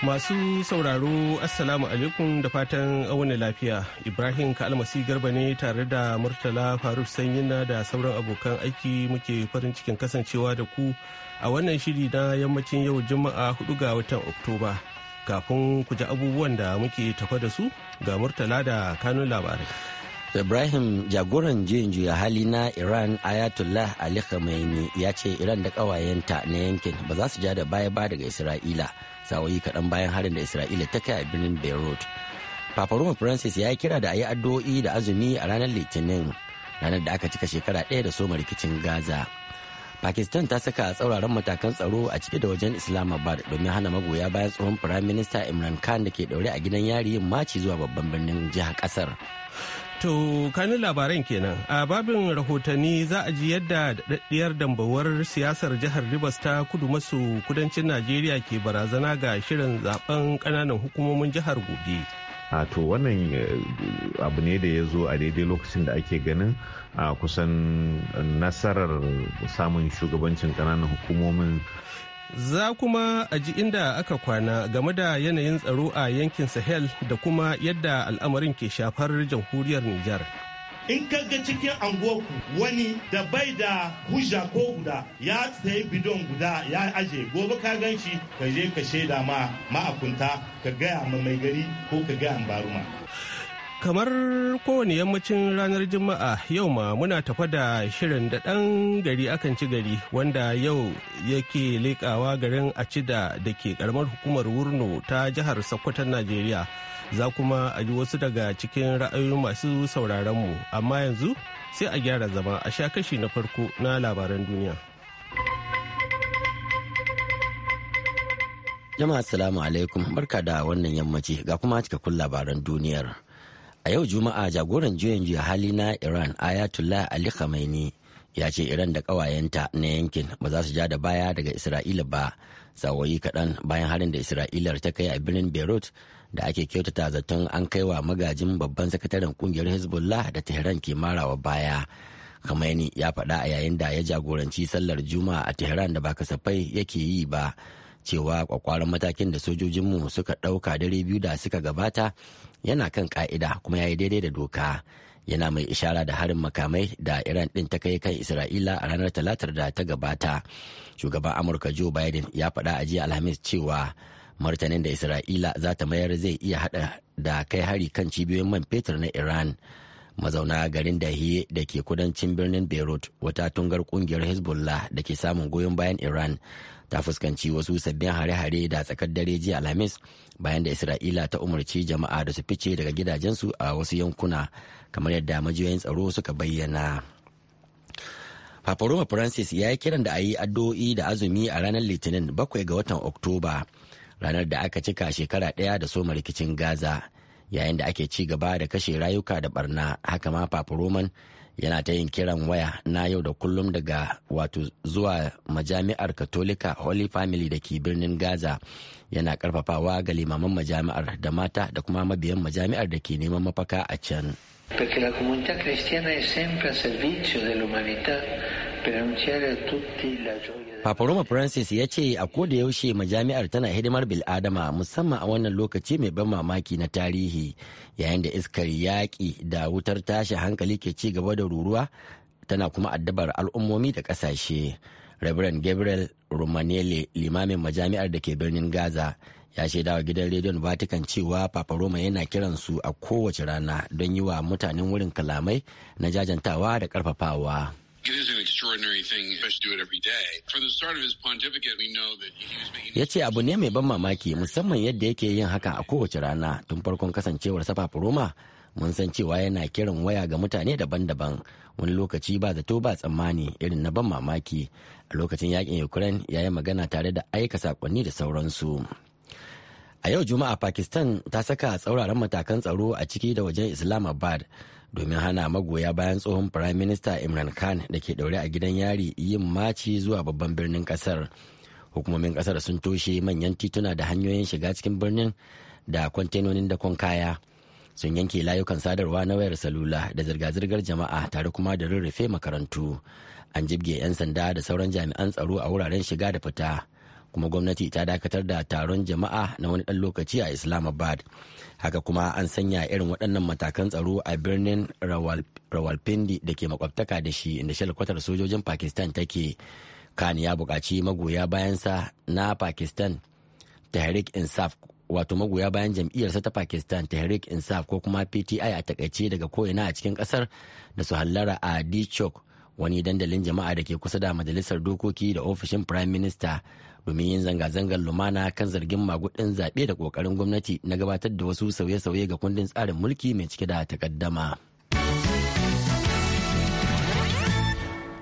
Masu sauraro Assalamu alaikum da fatan auna lafiya. Ibrahim Kalmasi Garba ne tare da Murtala Faruk Sanyina da sauran abokan aiki muke farin cikin kasancewa da ku a wannan shiri na yammacin yau Juma'a 4 ga watan Oktoba. Kafin ku ji abubuwan da muke tafa da su ga Murtala da kanun labarai. Ibrahim jagoran juyin juya hali na Iran Ayatollah Ali Khamenei ya ce Iran da ƙawayenta na yankin ba za su ja da baya ba daga Isra'ila sawayi kaɗan bayan harin da Isra'ila ta kai a birnin Beirut. Papa Roma Francis ya yi kira da a yi addu'o'i da azumi a ranar Litinin ranar da aka cika shekara ɗaya da soma rikicin Gaza. Pakistan ta saka tsauraran matakan tsaro a ciki da wajen Islamabad domin hana magoya bayan tsohon Firayim Minista Imran Khan da ke ɗaure a gidan yari yin maci zuwa babban birnin jihar ƙasar. To kanin labaran kenan a babin rahotanni za a ji yadda daɗaɗɗiyar dambawar siyasar jihar Rivers ta kudu maso kudancin Najeriya ke barazana ga shirin zaben kananan hukumomin jihar gobe. a to wannan eh, abu ne da ya zo a daidai lokacin da ake ganin a kusan nasarar samun shugabancin ƙananan hukumomin Za kuma a ji inda aka kwana game da yanayin tsaro a yankin Sahel da kuma yadda al'amarin ke shafar jamhuriyar Nijar. In ga cikin anguwarku wani da bai da hujja ko guda ya sayi bidon guda ya aje gobe ka gan shi ka je ka shaida ma ma'akunta ka gaya ma mai gari ko ka gaya baruma. kamar kowane yammacin ranar juma'a yau ma muna tafa da shirin da ɗan gari akan ci gari wanda yau yake leƙawa garin A da ke karamar hukumar wurno ta jihar sokoton najeriya za kuma a ji wasu daga cikin ra'ayoyin masu sauraronmu amma yanzu sai a gyara zama a sha kashi na farko na labaran duniya jama'a assalamu alaikum barka da wannan yammaci ga kuma cikakkun labaran duniyar a yau juma'a jagoran juyin juya hali na iran ayatollah ali khamenei ya ce iran da kawayenta na yankin ba za su ja da baya daga isra'ila ba sawoyi kaɗan bayan harin da isra'ilar ta kai a birnin beirut da ake kyautata zaton an kai wa magajin babban sakataren kungiyar hezbollah da tehran ke marawa baya khamenei ya faɗa a yayin da ya jagoranci sallar juma'a a tehran da ba kasafai yake yi ba cewa kwakwaran matakin da sojojinmu suka ɗauka dare biyu da suka gabata yana kan ka'ida kuma ya yi daidai da doka yana mai ishara da harin makamai da iran din ta kai kan isra'ila a ranar talatar da ta gabata shugaban amurka joe biden ya faɗa a jiya alhamis cewa martanin da isra'ila za ta mayar zai iya hada da kai hari kan cibiyoyin man fetur na iran mazauna garin dahiye da ke kudancin birnin beirut wata tungar kungiyar hezbollah da ke samun goyon bayan iran ta fuskanci wasu sabbin hare-hare da tsakar dare jiya alhamis bayan da isra'ila ta umarci jama'a da su fice daga gidajensu a wasu yankuna kamar yadda majiyoyin tsaro suka bayyana Papa Francis ya yi kiran da a yi addu'o'i da azumi a ranar Litinin bakwai ga watan Oktoba, ranar da aka cika shekara daya da soma rikicin Gaza, yayin da ake ci gaba da kashe rayuka da barna haka ma papa roman yana ta yin kiran waya na yau da kullum daga wato zuwa majami'ar katolika holy family da ke birnin gaza yana karfafawa ga limaman majami'ar da mata da kuma mabiyan majami'ar da ke neman mafaka a can perché la comunità cristiana è sempre a servizio dell'umanità per annunciare a tutti la gioia Papa Roma Francis ya ce a koda yaushe majami'ar tana hidimar bil'adama musamman a wannan lokaci mai ban mamaki na tarihi yayin da iskar yaƙi da wutar tashi hankali ke ci gaba da ruruwa tana kuma addabar al'ummomi da ƙasashe. Reverend Gabriel Romanele limamin majami'ar da ke birnin Gaza ya shaida wa gidan rediyon Vatican cewa Papa Roma yana kiran su a kowace rana don yi wa mutanen wurin kalamai na jajantawa da ƙarfafawa. Ya ce abu ne mai ban mamaki musamman yadda yake yin haka a kowace rana tun farkon kasancewar safafa Roma mun san cewa yana kiran waya ga mutane daban-daban wani lokaci ba zato ba tsammani irin na ban mamaki a lokacin yakin Ukraine ya yi magana tare da aika sakonni da sauransu. A yau Juma'a Pakistan ta saka tsauraran matakan tsaro a ciki da wajen Islamabad. domin hana magoya bayan tsohon firaminista imran khan da ke daure a gidan yari yin maci zuwa babban birnin kasar hukumomin kasar sun toshe manyan tituna da hanyoyin shiga cikin birnin da kwantenonin dakon kaya sun yanke layukan sadarwa na wayar salula da zirga-zirgar jama'a tare kuma da rurrufe makarantu an jibge 'yan sanda da sauran jami'an tsaro a wuraren shiga da fita kuma gwamnati ta dakatar da taron jama'a na wani ɗan lokaci a islamabad haka kuma an sanya irin waɗannan matakan tsaro a birnin rawalpindi da ke makwabtaka da shi inda shalkwatar sojojin pakistan take khan ya buƙaci magoya bayansa na pakistan tahrik insaf wato magoya bayan jam'iyyarsa ta pakistan tahrik insaf ko kuma pti a takaice daga ko'ina a cikin ƙasar da su hallara a dichok wani dandalin jama'a da ke kusa da majalisar dokoki da ofishin prime minister domin yin zanga-zangar lumana kan zargin magudin zaɓe da ƙoƙarin gwamnati na gabatar da wasu sauye-sauye ga kundin tsarin mulki mai cike da takaddama.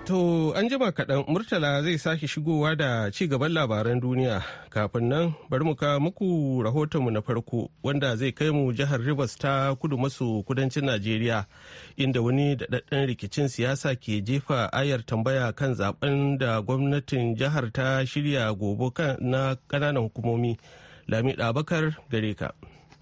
To an jima kaɗan Murtala zai sake shigowa da ci gaban labaran duniya kafin nan bari mu ka muku rahotonmu na farko wanda zai kai mu jihar Rivers ta kudu maso kudancin Najeriya inda wani daɗaɗɗen rikicin siyasa ke jefa ayar tambaya kan zaben da gwamnatin jihar ta shirya gobe na ƙananan hukumomi. Lami gare ka.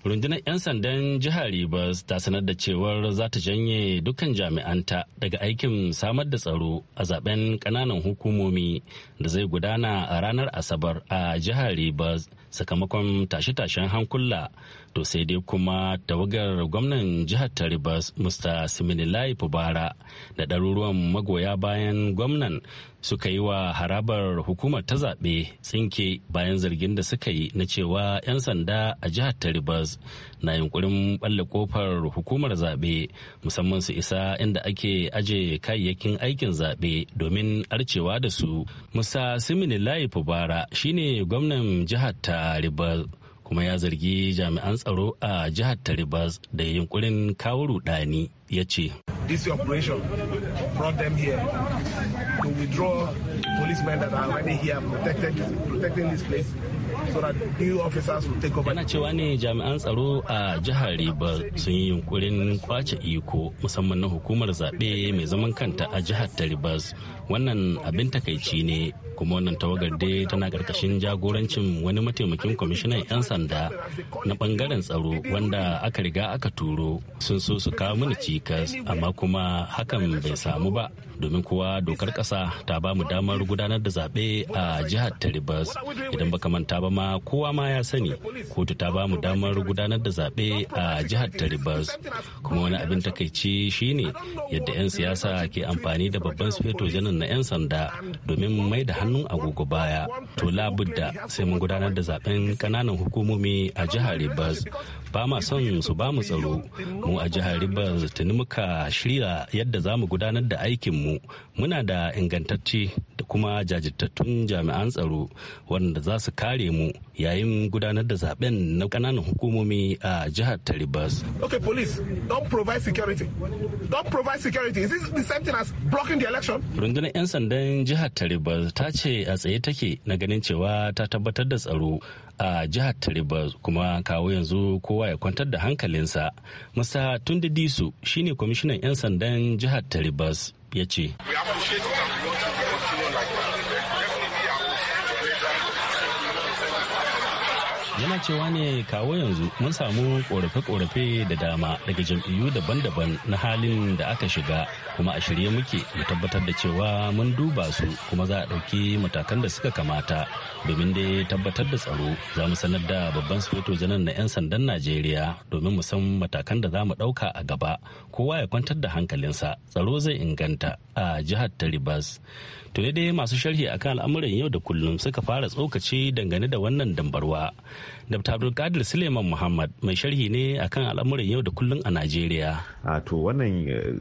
rundunar 'yan sandan jihar Rivers ta sanar da cewar za ta janye dukkan jami'anta daga aikin samar da tsaro a zaben kananan hukumomi da zai gudana a ranar asabar a jihar Rivers sakamakon tashe-tashen hankula to sai dai kuma tawagar gwamnan jihar taribas mr siminilai fubara da ɗaruruwan magoya bayan gwamnan suka yi wa harabar hukumar ta zaɓe tsinke bayan zargin da suka yi na cewa 'yan sanda a jihar taribas na yunkurin balle kofar hukumar zaɓe musamman su isa inda ake aje kayayyakin aikin zaɓe domin arcewa da su musa simini layi fubara shine gwamnan jihar taribas kuma ya zargi jami'an tsaro a jihar taribas da yunkurin kawo rudani ya ce operation brought yana cewa ne jami'an tsaro a jihar riba sun yi yunkurin kwace iko musamman na hukumar zaɓe mai zaman kanta a jihar taribas wannan abin takaici ne kuma wannan tawagar dai tana karkashin jagorancin wani mataimakin kwamishinan 'yan sanda na bangaren tsaro wanda aka riga aka turo sun so su kawo mana cikas amma kuma hakan bai samu ba domin kuwa dokar kasa ta ba mu damar gudanar da zaɓe a jihar taribas idan baka manta ba ma kowa ma ya sani kotu ta ba mu damar gudanar da zaɓe a jihar taribas kuma wani abin takaici shine yadda 'yan siyasa ke amfani da babban sufeto janin na 'yan sanda domin mai da hannun agogo baya to labudda sai mun gudanar da zaben kananan hukumomi a jihar Rivers ba ma son su ba mu tsaro mu a jihar Rivers tuni muka shirya yadda za mu gudanar da aikin mu muna da ingantacce da kuma jajirtattun jami'an tsaro wanda za su kare mu yayin gudanar da zaben na kananan hukumomi a jihar taribas Okay, police, don't provide security. Don't provide security. Is this the same thing as blocking the election? Rundunar 'yan sandan jihar taribas ta ce a tsaye take na ganin cewa ta tabbatar da tsaro a jihar ta kuma kawo yanzu kowa ya kwantar da hankalinsa. Musa Tunde shine kwamishinan 'yan sandan jihar taribas ya ce yana cewa ne kawo yanzu mun samu korafe-korafe da dama daga jam'iyyu daban-daban na halin da aka shiga kuma a shirye muke mu tabbatar da cewa mun duba su kuma za a ɗauki matakan da suka kamata domin dai tabbatar da tsaro za mu sanar da babban sufeto janar na 'yan sandan najeriya domin mu san matakan da za mu ɗauka a gaba kowa ya kwantar da hankalinsa tsaro zai inganta a jihar ta ribas to dai masu sharhi akan al'amuran yau da kullum suka fara tsokaci dangane da wannan dambarwa dr abdulkadir suleiman muhammad mai sharhi ne akan al'amuran yau da kullum a najeriya a to wannan eh,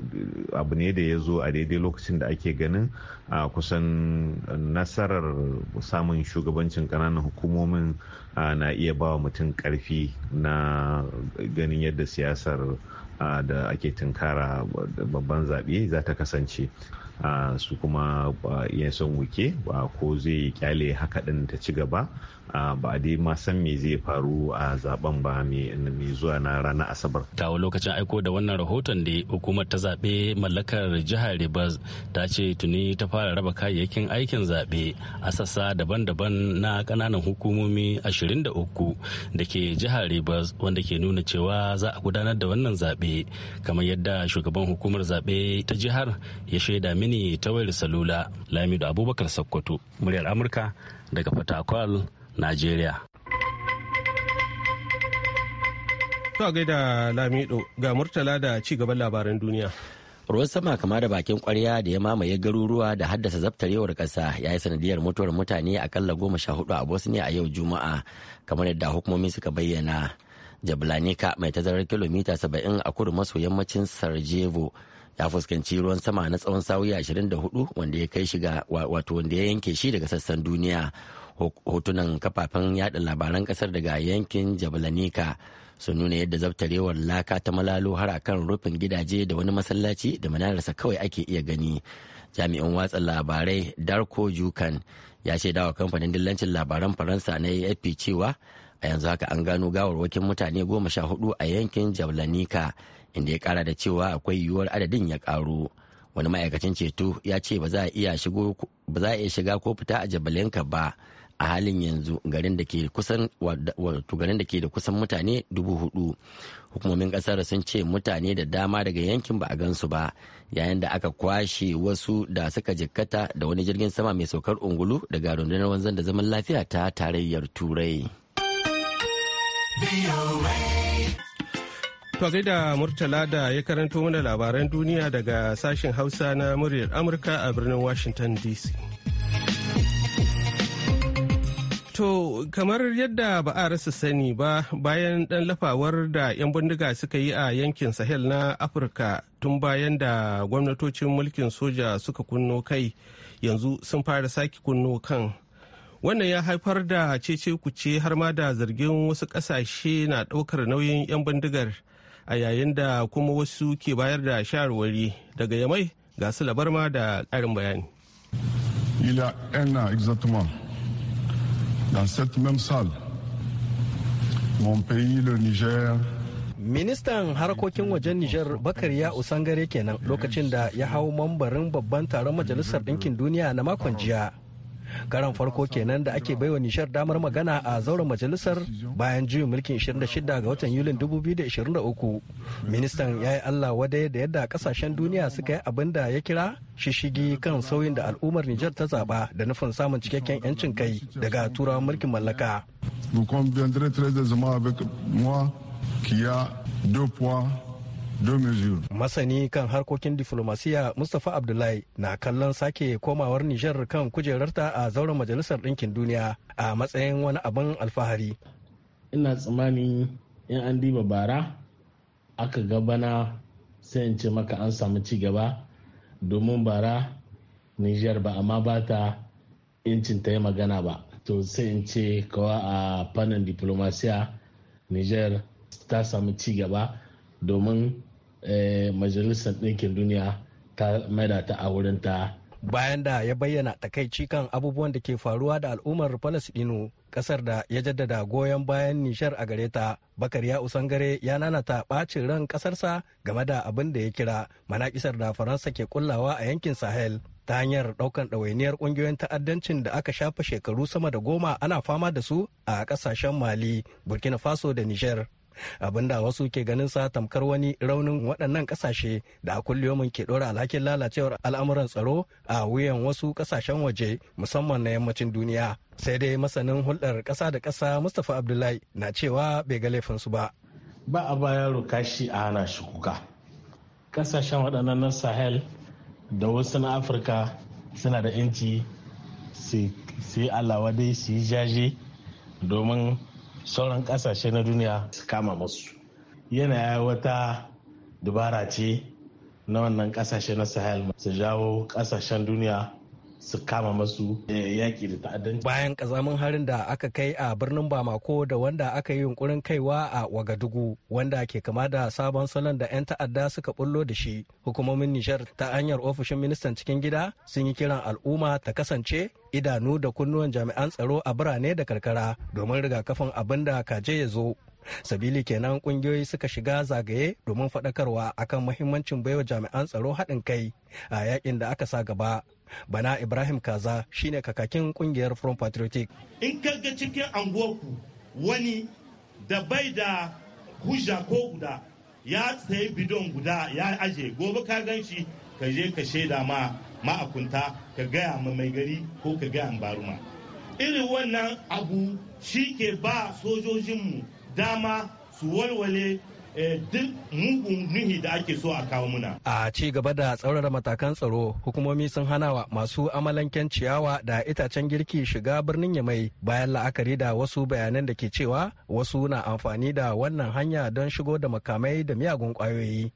abu ne da ya zo a daidai lokacin da ake ganin a kusan nasarar samun shugabancin kananan hukumomin na iya ba mutum karfi na ganin yadda siyasar da ake tunkara babban zaɓe za ta kasance su kuma iya son wuke ko zai kyale haka ɗin ta ci gaba Ah, ba a dai ma san me zai faru a zaben ba mai zuwa na ranar asabar kawo lokacin aiko da wannan rahoton da hukumar ta zaɓe mallakar jihar ribas ta ce tuni ta fara raba kayayyakin aikin zaɓe a sassa daban-daban na ƙananan hukumomi 23 da ke jihar ribas wanda ke nuna cewa za a gudanar da wannan zaɓe kamar yadda shugaban hukumar zaɓe ta jihar ya shaida mini ta wayar salula lamido abubakar sokoto muryar amurka daga fatakwal najeriya To gaida Lamido ga Murtala da ci labaran duniya. Ruwan sama kama da bakin kwarya da ya mamaye garuruwa da haddasa zabtarewar ƙasa ya yi sanadiyar mutuwar mutane akalla goma sha hudu a Bosnia a yau Juma'a kamar yadda hukumomi suka bayyana. Jablanika mai tazarar kilomita saba'in a kudu maso yammacin Sarajevo ya fuskanci ruwan sama na tsawon sa'o'i hudu wanda ya kai shiga wato wanda ya yanke shi daga sassan duniya. hotunan kafafen yada labaran kasar daga yankin jabalanika sun nuna yadda zabtarewar laka ta malalo har kan rufin gidaje da wani masallaci da manararsa kawai ake iya gani jami'in watsa labarai darko jukan ya shaidawa kamfanin dillancin labaran faransa na afp cewa a yanzu haka an gano gawarwakin mutane goma sha hudu a yankin jablanika inda ya kara da cewa akwai yiwuwar adadin ya karu wani ma'aikacin ceto ya ce ba za a iya shiga ko fita a jabalinka ba a halin yanzu garin da ke kusan wato garin da ke da kusan mutane dubu hudu hukumomin kasar sun ce mutane da dama daga yankin ba a gansu ba yayin da aka kwashe wasu da suka jikkata da wani jirgin sama mai saukar ungulu daga rundunar wanzan da zaman lafiya ta tarayyar turai To da Murtala da ya karanto mana labaran duniya daga sashen Hausa na muryar Amurka a birnin Washington DC. To kamar yadda ba a rasa sani ba bayan ɗan lafawar da 'yan bindiga suka yi a yankin Sahel na Afirka tun bayan da gwamnatocin mulkin soja suka kunno kai yanzu sun fara sake kunno kan. Wannan ya haifar da cece kuce har ma da zargin wasu ƙasashe na ɗaukar nauyin 'yan bindigar a yayin da kuma wasu ke bayar da shawarwari daga yamai ga su labar ma da ƙarin bayani. Il exactement, dans cette même salle, mon pays, le Niger, ministan harkokin wajen nijar bakar ya usangare kenan lokacin da ya hau mambarin babban taron majalisar ɗinkin duniya na makon jiya karan farko kenan da ake baiwa nishar damar magana a zauren majalisar bayan juyin mulkin 26 ga watan yulin 2023 ministan ya yi allah wadai da yadda kasashen duniya suka yi abin da ya kira shishigi kan sauyin da al'ummar nijar ta zaba da nufin samun cikakken 'yancin kai daga turawan mulkin mallaka. très aisément avec moi qu'il a deux Masani kan harkokin diflomasiya Mustapha Abdullahi na kallon sake komawar Nijar kan kujerarta a zauren Majalisar Ɗinkin Duniya a matsayin wani abin alfahari. Ina tsammani in an diba bara aka gabana sai in ce maka an samu ci gaba domin bara Nijar ba amma ba ta incin ta yi magana ba. To sai in ce kawa a fannin diflomasiya Nijar ta samu ci gaba domin Eh, majalisar ɗinkin duniya ta maida ta a ta bayan da ya bayyana takaici kan abubuwan da ke faruwa da al'ummar falasɗinu kasar da ya jaddada goyon bayan nishar a gare ta ya usangare ya nanata ɓacin ran ƙasarsa game da abin da ya kira manaƙisar da faransa ke kullawa a yankin sahel ta hanyar daukan ɗawainiyar ƙungiyoyin ta'addancin da aka shafa shekaru sama da goma ana fama da su a ƙasashen mali burkina faso da niger abinda wasu ke ganin sa tamkar wani raunin waɗannan ƙasashe da a kulliyomin ke ɗora alhakin lalacewar al'amuran tsaro a wuyan wasu ƙasashen waje musamman na yammacin duniya sai dai masanin hulɗar ƙasa da ƙasa mustapha abdullahi na cewa bai ga laifin su ba ba a baya kashi a hana shi kuka ƙasashen waɗannan na sahel da wasu na afirka suna da inci su yi alawa dai su yi jaje domin sauran kasashe na duniya su kama musu yana wata dubara ce na wannan kasashe na sahel su jawo kasashen duniya su kama masu eh, yaƙi da ta'addanci. Bayan kazamin harin da aka kai a birnin Bamako da wanda aka yi yunkurin kaiwa a Wagadugu wanda ke kama da sabon salon da 'yan ta'adda suka bullo da shi. Hukumomin Nijar ta hanyar ofishin ministan cikin gida sun yi kiran al'umma ta kasance idanu da kunnuwan jami'an tsaro a birane da karkara domin rigakafin abin da kaje ya zo. sabili kenan kungiyoyi suka shiga zagaye domin faɗakarwa akan muhimmancin baiwa jami'an tsaro haɗin kai a yakin da aka sa gaba bana ibrahim kaza shine kakakin kungiyar front patriotic in kaga cikin anguwarku wani da bai da hujja ko guda ya sayi bidon guda ya aje gobe ka gan shi ka je ka shaida ma ma'akunta ka gaya ma mai gari ko ka gaya ma baruma irin wannan abu shi ke ba sojojinmu dama su walwale Eh, duk mugun nuhi da ake so a kawo muna. A ci gaba da tsaurara matakan tsaro hukumomi sun hana wa masu amalanken ciyawa da itacen girki shiga birnin Yamai bayan la'akari da wasu bayanan da ke cewa wasu na amfani da wannan hanya don shigo da makamai da miyagun kwayoyi.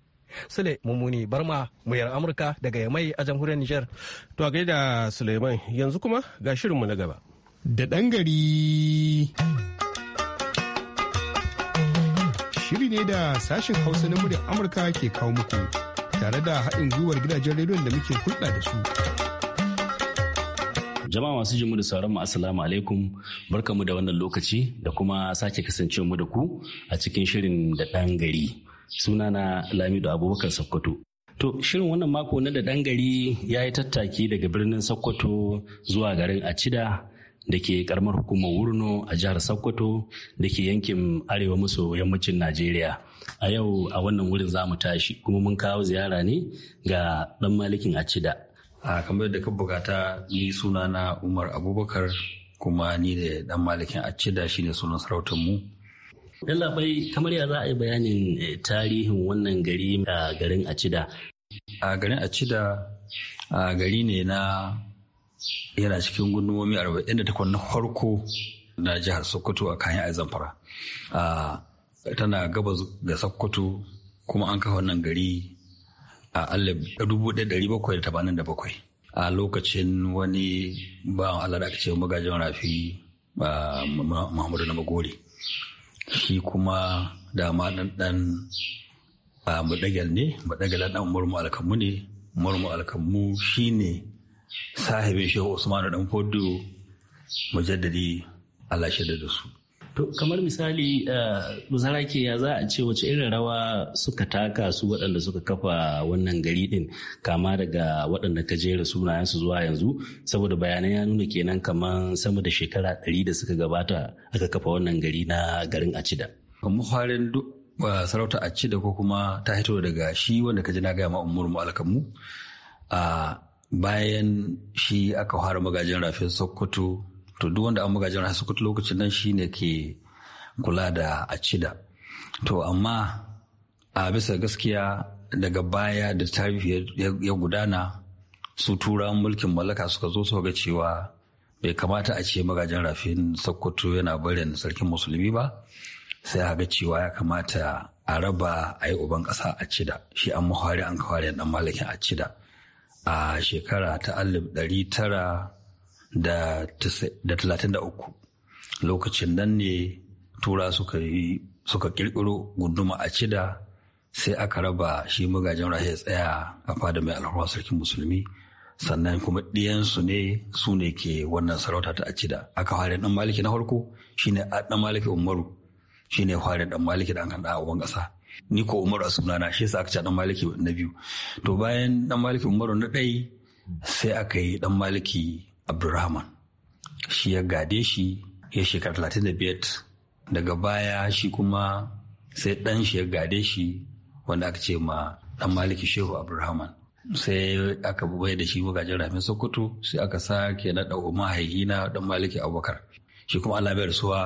Sule Mummuni Barma, muyar Amurka daga Yamai a jamhuriyar Nijar. To gaida Suleiman yanzu kuma ga shirinmu na gaba. Da ɗan gari. shiri ne da sashen hausa na muryar amurka ke kawo muku tare da haɗin gwiwar gidajen rediyon da muke hulɗa da su jama'a masu jimu da sauran mu assalamu alaikum barkamu da wannan lokaci da kuma sake kasance mu da ku a cikin shirin da ɗan gari na lamido abubakar sokoto To shirin wannan mako na da ɗan gari ya yi tattaki daga birnin Sokoto zuwa garin Acida da ke karamar hukumar wurno a jihar sokoto da ke yankin arewa maso yammacin najeriya a yau a wannan wurin za mu tashi kuma mun kawo ziyara ne ga dan malikin acida a kamar da ka bukata ni suna na umar abubakar kuma ni da dan malikin acida shine sunan sarautar mu labai kamar ya za a yi bayanin eh, tarihin wannan gari a garin acida a garin a acida a gari ne na yana cikin gundumomi 48 na farko na jihar sokoto a kayan a zamfara tana gabas ga sokoto kuma an kafa wannan gari a 1787 a lokacin wani ba allah da aka ce magajin rafi muhammadu na magori shi kuma da ma dan mudagal ne mudagal dan murmu alkammu ne murmu alkammu ne. sahibin shehu usman dan fodo mujaddadi allah shaida da su to kamar misali eh, ke ya za a ce wace irin rawa suka taka su waɗanda suka kafa wannan gari din kama daga waɗanda ka jera sunayen su zuwa yanzu saboda bayanai ya nuna kenan kamar sama da shekara ɗari da suka gabata aka kafa wannan gari na garin acida kamar farin duk eh, sarauta acida ko kuma ta hito daga shi wanda ka ji na gaya ma umurmu alkamu a ah, bayan shi aka fara magajin rafin sokoto to duk wanda an magajin rafin sokoto lokacin nan shi ne ke kula da a cida to amma a bisa gaskiya daga baya da tarihi ya gudana su tura mulkin mallaka suka zo su ga cewa bai kamata a ce magajin rafin sokoto yana barin sarkin musulmi ba sai a ga cewa ya kamata a raba a yi uban ƙasa a cida shi an mahari an kawari dan malakin a cida a shekara ta alif ɗari tara da talatin da uku lokacin nan ne tura suka ƙirƙiro kirkiro gunduma a cida sai aka raba shi magajin rahe tsaya a fada mai alhawar sarkin musulmi sannan kuma ɗiyansu ne su ne ke wannan sarauta ta acida aka fara ɗan maliki na farko shine ɗan maliki umaru shine fara ɗan maliki da an kan da ƙasa ni ko umaru a sunana shi yasa aka ce dan maliki na biyu to bayan dan maliki umaru na ɗai sai aka yi dan maliki abdurrahman shi ya gade shi ya shekara talatin da biyar daga baya shi kuma sai ɗan shi ya gade shi wanda aka ce ma dan maliki shehu abdurrahman sai aka bai da shi magajin rafin sokoto sai aka sake naɗa umar haihina dan maliki abubakar shi kuma allah bai rasuwa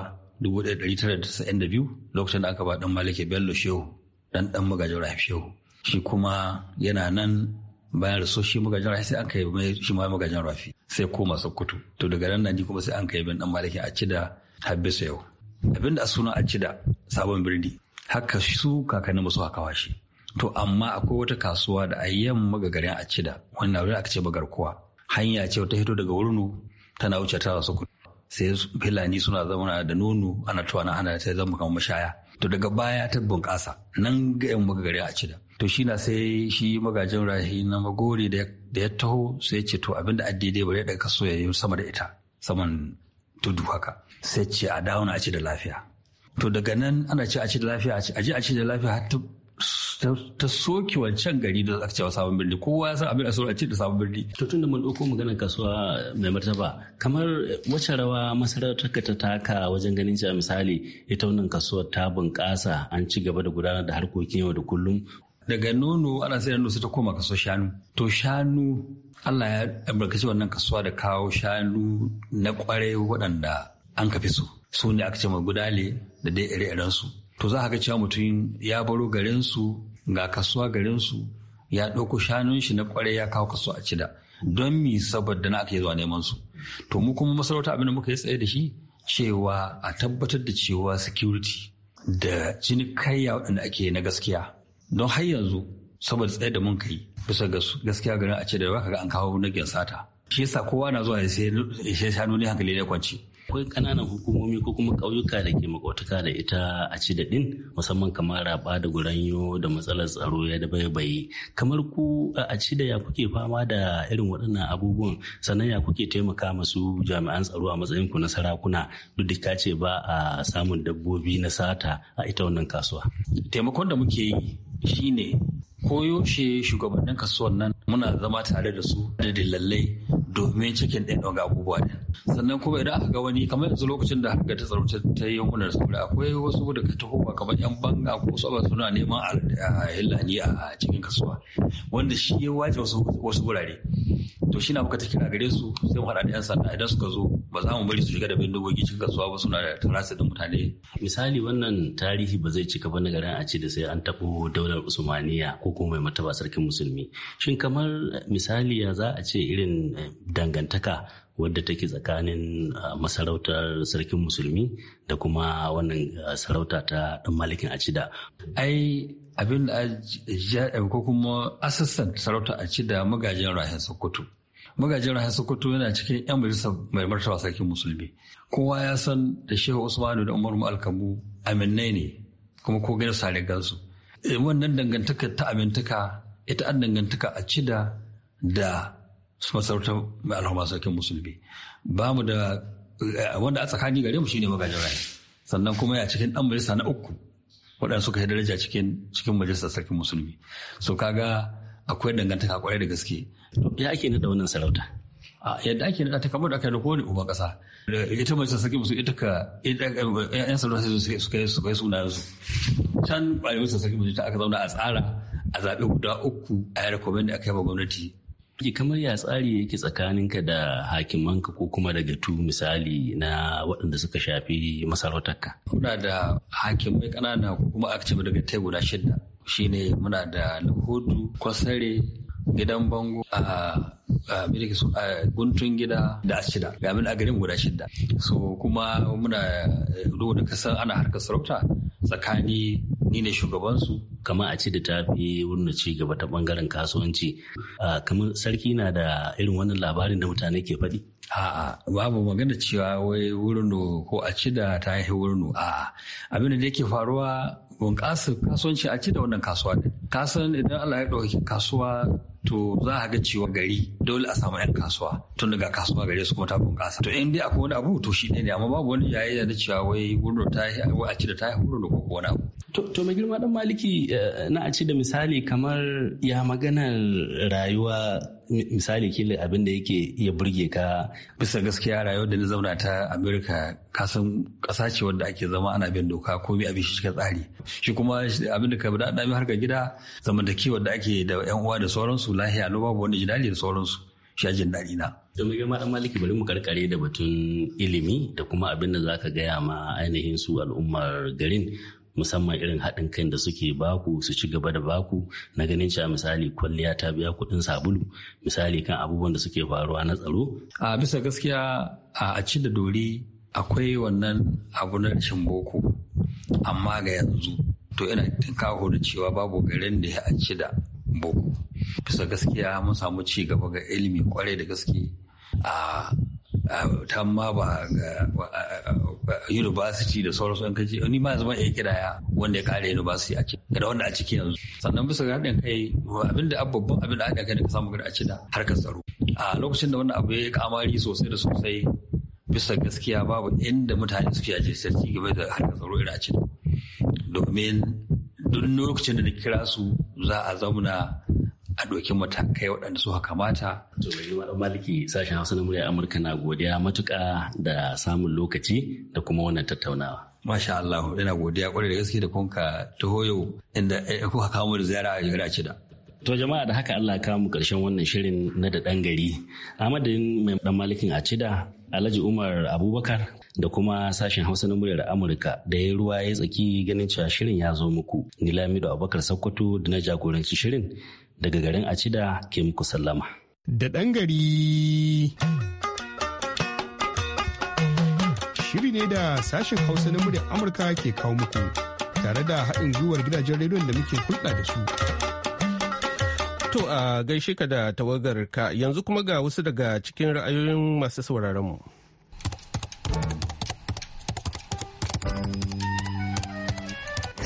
1992 lokacin da aka ba dan Malike Bello Shehu dan dan magajin Rahif Shehu shi kuma yana nan bayan da shi magajin Rafi sai an kai mai shi ma magajin Rafi sai koma Sokoto to daga nan ji kuma sai an kai bin dan Malike a cida Habbisu yau abinda a suna a cida sabon birni haka su kakannin su haka shi to amma akwai wata kasuwa da a yi magagarin a cida na wurin aka ce bagarkuwa hanya ce ta fito daga wurnu tana wuce ta sokoto sai filani suna zauna da nono ana tuwa na ana sai zama kamar mashaya to daga baya ta bunƙasa nan ga yan gari a cida to shi na sai shi magajin rahi na magori da ya taho sai ce to abinda addidai bari daga kaso ya yi sama da ita saman tudu haka sai ce a dawo a cida lafiya to daga nan ana ce a cida lafiya a ce a cida lafiya har ta soke wancan gari da aka cewa sabon birni kowa ya san abin a a ce da sabon birni. to tun da mun ɗauko maganar kasuwa mai martaba kamar wacce rawa masarautarka ta taka wajen ganin cewa misali ita wannan kasuwar ta bunƙasa an ci gaba da gudanar da harkokin yau da kullum. daga nono ana sai nono sai ta koma kaso shanu to shanu Allah ya albarkaci wannan kasuwa da kawo shanu na kwarai waɗanda an kafi su su ne aka ce gudale da dai ire irensu to za ka ga cewa mutum ya baro garinsu ga kasuwa garinsu ya ɗauko shanun shi na kwarai ya kawo kasuwa a cida don mi saboda na aka yi zuwa neman su to mu kuma masarauta abin da muka yi tsaye da shi cewa a tabbatar da cewa security da cinikayya waɗanda ake na gaskiya don har yanzu saboda tsaye da mun kai bisa gaskiya garin a cida da ka ga an kawo nagin sata shi yasa kowa na zuwa ya sai shanu ne hankali ne kwanci akwai ƙananan hukumomi ko kuma ƙauyuka da ke makwatuka da ita a ci da ɗin musamman kamar raba da guranyo da matsalar tsaro ya da baibaye kamar ku a ci da ya kuke fama da irin waɗannan abubuwan sannan ya kuke taimaka masu jami'an tsaro a matsayin ku na sarakuna duk da ce ba a samun dabbobi na sata a ita wannan kasuwa taimakon da muke yi shine koyaushe shugabannin kasuwan nan muna zama tare da su da dillallai domin cikin ɗaya ɗaga abubuwa ɗin sannan kuma idan aka ga wani kamar yanzu lokacin da harkar ta tsaro ta yi yankunan saboda akwai wasu da ka taho kamar yan banga ko wasu abin suna neman a hillani a cikin kasuwa wanda shi ya wace wasu wurare to shi na muka ta kira gare su sai mu haɗa da yan sanda idan suka zo ba za mu bari su shiga da bindigogi cikin kasuwa ba suna da tarasa da mutane misali wannan tarihi ba zai cika ba na garin a ce da sai an taɓo daular daular usmaniya ko kuma mai mataba sarkin musulmi shin kamar eh, misali ya za a ce irin eh, dangantaka wadda take tsakanin eh, masarautar sarkin musulmi da kuma wannan sarauta ta dan malikin acida ai abin da ko kuma asistan sarauta acida magajin rahin sokoto magajin rahin sokoto yana cikin yan majalisa mai martaba sarkin musulmi kowa ya san da shehu usmanu da umaru alkamu aminai ne kuma ko gani sare gansu Eh, wannan dangantaka ta amintaka ita an dangantaka a cida da masarautar mai alhama sarkin musulmi ba mu da eh, wanda a tsakani gare mu shine magajin rai sannan kuma ya cikin dan majalisa na uku waɗanda suka yi daraja cikin cikin majalisar sarkin musulmi so kaga akwai dangantaka kwarai da gaske ya ake nada wannan sarauta yadda ake nada ta kamar da aka yi kowane uban kasa ita mai sassaƙi musu ita ka yan sarauta sai su kai su kai sunayen su can bayan sassaƙi musu ta aka zauna a tsara a zaɓe guda uku a yi rekomend aka yi ma gwamnati kamar ya tsari yake tsakaninka da hakimanka ko kuma daga tu misali na waɗanda suka shafi masarautarka? Muna da hakimai ƙanana ko kuma aka ce daga tai guda shida. Shine muna da Lahudu, Kwasare, Gidan Bango, a abin guntun gida da shida ga min a garin guda shida so kuma muna rubuta eh, kasan ana harkar sarauta tsakani ni ne shugabansu kamar a ci da ta fi wurin ci gaba ta bangaren kasuwanci kamar sarki na da irin wannan labarin da mutane ke faɗi A'a, babu magana cewa wai wurinu ko a ci da ta yi wurinu A'a, abin da yake faruwa bunƙasa kasuwanci a ci da wannan kasuwa ne. Kasan idan Allah ya ɗauki kasuwa to za a ga cewa gari dole a samu 'yan kasuwa tun daga kasuwa gari su kuma ta bunƙasa. To in dai akwai wani abu to shi ne amma babu wani yayi da cewa wai wurinu ta yi a ci da ta yi wurinu ko wani abu. To mai girma ɗan maliki eh, na a ci da misali kamar ya maganar rayuwa misali kila abin da yake iya burge ka bisa gaskiya rayuwar da na zauna ta america kasan kasa ce wadda ake zama ana bin doka komai abin shi tsari shi kuma abin da ka bi da harkar gida zamantakewar da ake da yan uwa da sauransu lahiya no babu wani jidali da sauransu shajin daɗi na. To mai girma maliki bari mu karkare da batun ilimi da kuma abin da zaka gaya ma ainihin su al'ummar garin musamman irin haɗin kai da suke baku su ci gaba da baku na ganin cewa misali kwalliya ta biya kuɗin sabulu misali kan abubuwan da suke faruwa na tsaro. A bisa gaskiya a ci da dori akwai wannan abu na rashin boko amma ga yanzu to ina kawo da cewa babu garin da ya a ci da boko. Bisa gaskiya mun samu ci gaba ga ilimi kwarai da gaske a ta ma ba university da sauransu in kaji ni ma yanzu ban iya wanda ya kare university a ciki da wanda a ciki yanzu sannan bisa ga haɗin kai abinda babban abinda aka kai da ka samu gari a ci da harkar tsaro a lokacin da wannan abu ya yi kamari sosai da sosai bisa gaskiya babu inda mutane suke a jirgin game da harkar tsaro irin a ciki domin duk lokacin da na kira su za a zauna a ɗauki matakai waɗanda suka kamata. To bai maliki sashen Hausa na muryar Amurka na godiya matuƙa da samun lokaci da kuma wannan tattaunawa. Masha Allah, ina godiya ƙwarai da gaske da kunka ta hoyo inda eh, kuka kawo da ziyara a jira cida. To jama'a da haka Allah kawo mu ƙarshen wannan shirin na da ɗan gari. Ahmadin mai ɗan malikin a cida Alhaji Umar Abubakar da kuma sashen Hausa na muryar Amurka da ya ruwa ya tsaki ganin cewa shirin ya zo muku. Ni Lamido Abubakar Sokoto da na jagoranci shirin daga garin Acida ke muku sallama. Da ɗan gari. Shiri ne da sashen Hausa na muryar Amurka ke kawo muku tare da haɗin gwiwar gidajen rediyon da muke hulɗa da su. To a gaishe ka da tawagar ka yanzu kuma ga wasu daga cikin ra'ayoyin masu sauraron mu.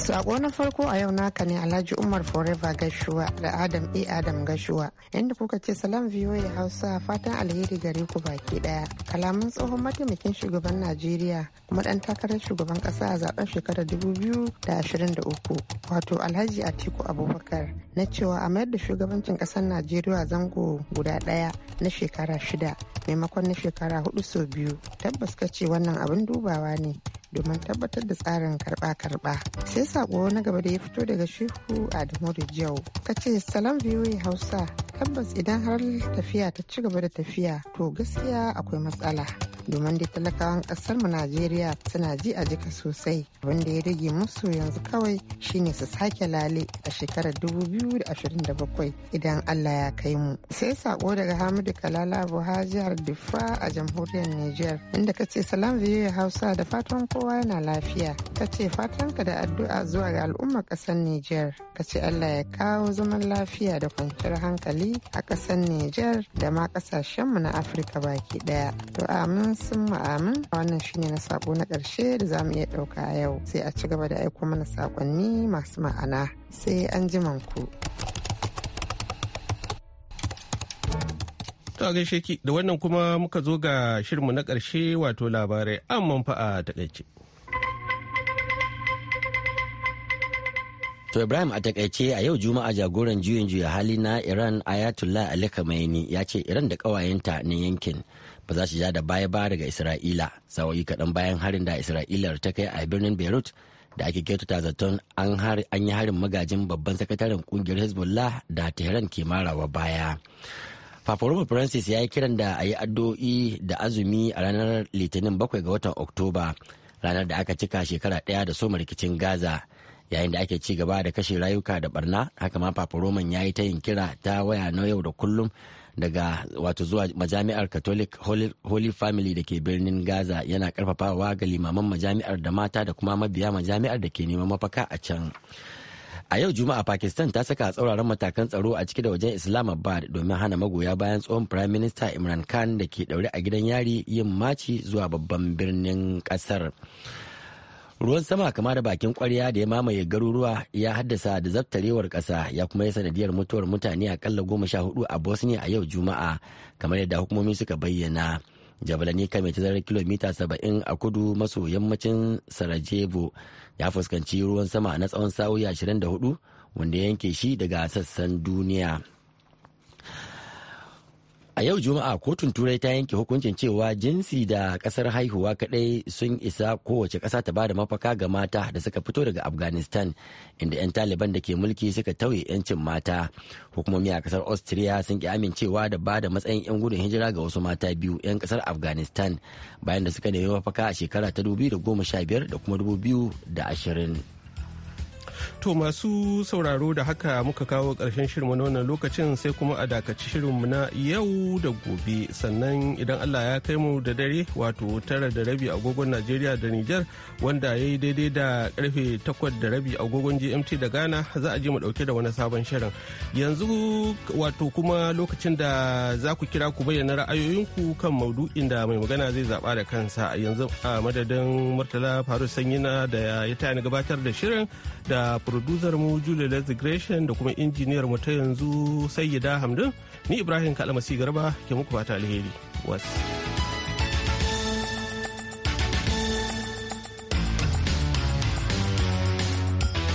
Sako na farko a yau naka ne Alhaji Umar Forever Gashuwa da Adam E. Adam Gashuwa inda kuka ce salam ya Hausa fatan alheri gare ku baki daya. Kalamin tsohon mataimakin shugaban Najeriya kuma dan takarar shugaban kasa a zaben da uku wato Alhaji Atiku Abubakar na cewa a mayar da shugabancin kasar Najeriya zango guda daya na shekara shida maimakon na shekara hudu sau biyu tabbas ka ce wannan abin dubawa ne domin tabbatar da tsarin karba-karba. Sai sako na gaba da ya fito daga Shehu Adamu Jau. Ka ce salam biyu Hausa tabbas idan har tafiya ta ci gaba da tafiya to gaskiya akwai matsala. domin da talakawan kasar mu najeriya suna ji a jika sosai abin da ya rage musu yanzu kawai shine su sake lale a shekarar 2027 idan allah ya kai mu sai sako daga hamidu kalala buha jihar difa a jamhuriyar Nijar. inda ka ce salam ya hausa da fatan kowa yana lafiya ka ce fatanka da addu'a zuwa ga al'ummar kasar niger ka ce allah ya kawo zaman lafiya da kwanciyar hankali a kasar Nijar da ma ƙasashenmu na afirka baki daya to amin sun ma'amin wannan shine na sako na karshe da za mu iya ɗauka yau sai a ci gaba da aiko mana sakonni masu ma'ana sai an ji ku. To a gaishe ki da wannan kuma muka zo ga shirinmu na karshe wato labarai an fa a takaice. To Ibrahim a takaice a yau Juma'a jagoran juyin juya hali na Iran Ayatollah Ali Khamenei ya ce Iran da ƙawayenta na yankin ba za su ja da baya ba daga isra'ila sa'o'i kaɗan bayan harin da israila ta kai a birnin beirut da ake kyautata zaton an yi harin magajin babban sakataren kungiyar hezbollah da tehran ke marawa baya Papa Francis ya yi kiran da a yi addu'o'i da azumi a ranar Litinin bakwai ga watan Oktoba, ranar da aka cika shekara ɗaya da soma rikicin Gaza, yayin da ake ci gaba da kashe rayuka da barna, haka ma faforoman ya yi ta yin kira ta waya na yau da kullum daga wato zuwa majami'ar catholic holy, family da ke birnin gaza yana karfafawa ga limaman majami'ar da mata da kuma mabiya majami'ar da ke neman mafaka a can a yau juma'a pakistan ta saka tsauraran matakan tsaro a ciki da wajen islamabad domin hana magoya bayan tsohon prime minister imran khan da ke daure a gidan yari yin maci zuwa babban birnin kasar. ruwan sama kama da bakin kwarya da ya mamaye garuruwa ya haddasa da zaftarewar kasa ya kuma yi sanadiyar mutuwar mutane akalla goma sha hudu a bosnia a yau juma'a kamar yadda hukumomi suka bayyana jabalanika mai tazarar kilomita saba'in a kudu maso yammacin sarajevo ya fuskanci ruwan sama na tsawon sa'o'i hudu wanda ya yanke shi daga sassan duniya. A yau Juma'a kotun Turai ta yanke hukuncin cewa jinsi da kasar haihuwa kadai sun isa kowace ƙasa ta bada mafaka ga mata da suka fito daga Afghanistan inda 'yan Taliban da ke mulki suka tauye 'yancin mata. Hukumomi a kasar Austria sun ki amincewa da bada matsayin 'yan gudun hijira ga wasu mata biyu 'yan kasar Afghanistan bayan da suka nemi mafaka a shekara ta 2015 da kuma 2020. To masu sauraro da haka muka kawo ƙarshen shirin na wannan lokacin sai kuma a dakaci shirinmu na yau da gobe sannan idan Allah ya kai mu da dare wato tara da rabi agogon Najeriya da Nijar wanda ya yi daidai da karfe takwas da rabi agogon GMT da Ghana za a je mu ɗauke da wani sabon shirin. Yanzu wato kuma lokacin da za ku kira ku bayyana ra'ayoyinku kan maudu'in da mai magana zai zaɓa da kansa yanzu a madadin Murtala Faru Sanyina da ya tayani gabatar da shirin da da producer mu Julie Leslie Gresham da kuma injiniyar mu ta yanzu Sayyida Hamdun ni Ibrahim Kalmasi Garba ke muku fata alheri. Wasu.